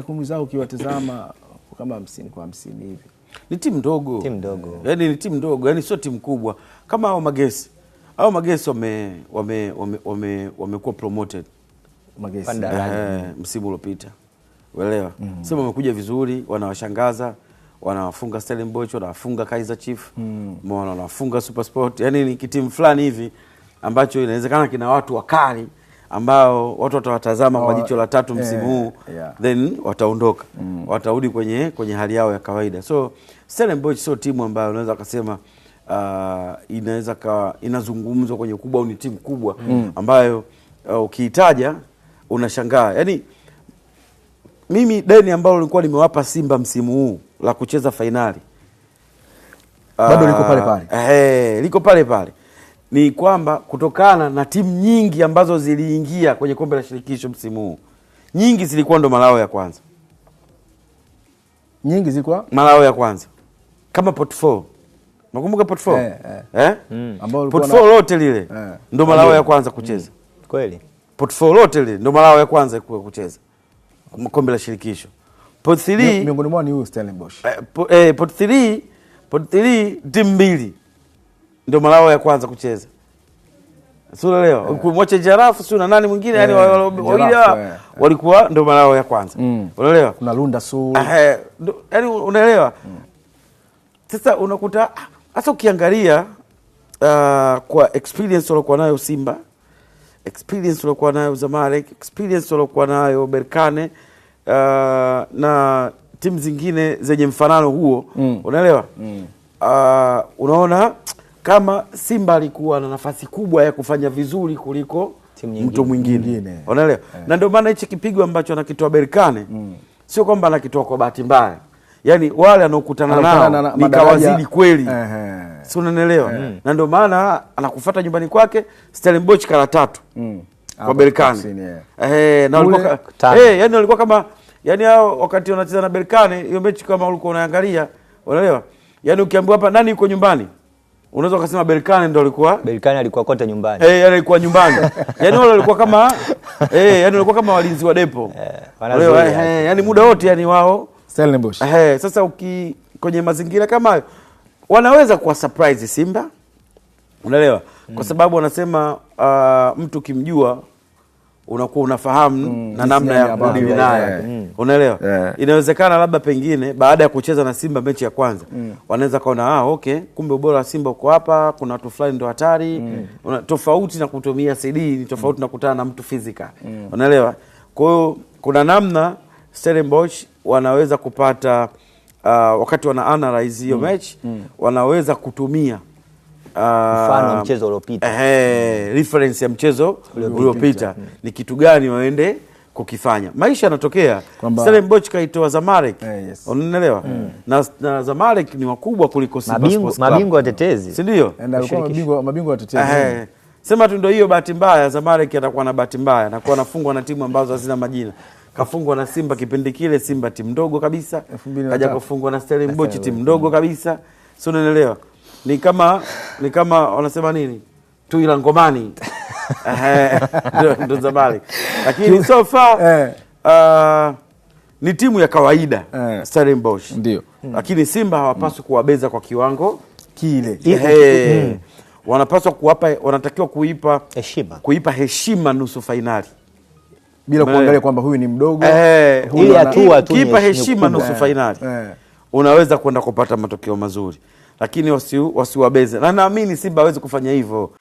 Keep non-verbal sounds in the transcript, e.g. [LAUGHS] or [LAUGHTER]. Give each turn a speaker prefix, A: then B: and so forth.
A: takwimu zao ukiwatazama kama hamsini kwa hamsini hivi
B: ni timu ndogo, timu ndogo yani ni timu ndogo, yani sio timu kubwa kama hao Magesi. Hao Magesi wame wamekuwa wame, wame promoted Magesi eh, msimu uliopita uelewa mm mm-hmm. Sema wamekuja vizuri, wanawashangaza wanawafunga Stellenbosch, wanawafunga Kaizer Chiefs mm. wanawafunga Super Sport, yani ni kitimu fulani hivi ambacho inawezekana kina watu wakali ambao watu watawatazama kwa oh, jicho la tatu eh, msimu huu yeah, yeah. Then wataondoka mm. Watarudi kwenye, kwenye hali yao ya kawaida. So Stellenbosch sio timu ambayo unaweza kusema uh, inaweza ka inazungumzwa kwenye ukubwa au ni timu kubwa mm. mm. ambayo uh, ukiitaja unashangaa yani mimi deni ambalo nilikuwa nimewapa Simba msimu huu la kucheza fainali
A: bado liko uh, pale pale,
B: eh, liko pale pale ni kwamba kutokana na timu nyingi ambazo ziliingia kwenye kombe la shirikisho msimu huu, nyingi zilikuwa ndo malao ya kwanza,
A: nyingi zilikuwa
B: malao ya kwanza kama portfolio. Nakumbuka portfolio eh, eh. eh? Mm. portfolio lote lile eh. ndo malao ya kwanza kucheza mm. kweli portfolio lote lile ndo malao ya kwanza kucheza kombe la shirikisho. Pot miongoni
A: mwao ni huyu Stellenbosch.
B: Eh, pot 3 pot timu mbili ndio malao ya kwanza kucheza sura leo yeah. kumwacha Jarafu sio na nani mwingine yani yeah. wawili eh, eh. walikuwa ndio malao ya kwanza. mm. Unaelewa?
A: Kuna Lunda Su.
B: Ah, eh, yani unaelewa? mm. Sasa unakuta hasa ukiangalia uh, kwa experience waliokuwa nayo Simba, experience waliokuwa nayo Zamalek, experience waliokuwa nayo Berkane uh, na timu zingine zenye mfanano huo, mm. unaelewa? Mm. Uh, unaona kama Simba alikuwa na nafasi kubwa ya kufanya vizuri kuliko mtu mwingine, unaelewa yeah. Na ndio maana hichi kipigo ambacho anakitoa Berkane mm. sio kwamba anakitoa kwa bahati mbaya, yani wale anaokutana nao na, na, nikawazidi kweli, eh, si unanielewa? Eh. Na ndio maana anakufata nyumbani kwake Stellenbosch kala tatu mm. kwa Berkane eh, na walikuwa eh, yani walikuwa kama yani hao wakati wanacheza na Berkane hiyo mechi, kama ulikuwa unaangalia, unaelewa, yani ukiambiwa hapa nani yuko nyumbani unaweza ukasema Berkane ndo alikuwa
A: Berkane alikuwa kote nyumbani
B: eh, yani alikuwa nyumbani [LAUGHS] yani wale walikuwa kama eh, yani walikuwa kama walinzi wa depo eh, eh, yani yaani muda wote yani wao Stellenbosch eh, sasa uki kwenye mazingira kama hayo wanaweza kuwa surprise Simba, unaelewa kwa mm. sababu wanasema uh, mtu kimjua unakuwa unafahamu mm, na namna ya kudili naye mm. Unaelewa yeah. Inawezekana labda pengine baada ya kucheza na Simba mechi ya kwanza mm. wanaweza kaona ah, okay, kumbe ubora wa Simba uko hapa, kuna watu fulani ndo hatari mm. tofauti na kutumia CD ni tofauti mm. na kutana na mtu physical mm. Unaelewa, kwa hiyo kuna namna Stellenbosch wanaweza kupata uh, wakati wana analyze hiyo mm. mechi mm. wanaweza kutumia
A: mfano um, mchezo uliopita,
B: eh, reference ya mchezo uliopita mm. ni kitu gani waende kukifanya. Maisha yanatokea. Selim Boch kaitoa Zamalek eh, yes. Unaelewa mm. na, na Zamalek ni wakubwa kuliko Simba Sports
A: Club, mabingwa watetezi, si ndio? Mabingwa watetezi
B: eh, sema tu ndio hiyo. Bahati mbaya Zamalek atakuwa na bahati mbaya, kuwa anafungwa na timu ambazo hazina majina kafungwa na Simba kipindi kile, Simba timu ndogo kabisa, kaja kufungwa na Stellenbosch timu ndogo kabisa, si unaelewa? ni kama ni kama wanasema nini tu ila ngomani [LAUGHS] ndo Zamalek, lakini so far [LAUGHS] eh. uh, ni timu ya kawaida eh. Stellenbosch ndio, hmm. lakini Simba hawapaswi hmm. kuwabeza kwa kiwango kile hmm. wanapaswa kuwapa, wanatakiwa kuipa heshima, kuipa heshima nusu fainali
A: bila eh. kuangalia kwamba huyu ni mdogo
B: hey, huyu heshima nusu fainali hey. unaweza kwenda kupata matokeo mazuri lakini wasiwabeze, na naamini Simba hawezi kufanya hivyo.